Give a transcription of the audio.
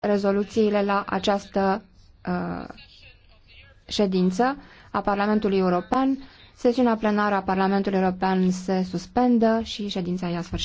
rezoluțiile la această uh, ședință a Parlamentului European. Sesiunea plenară a Parlamentului European se suspendă și ședința ia sfârșit.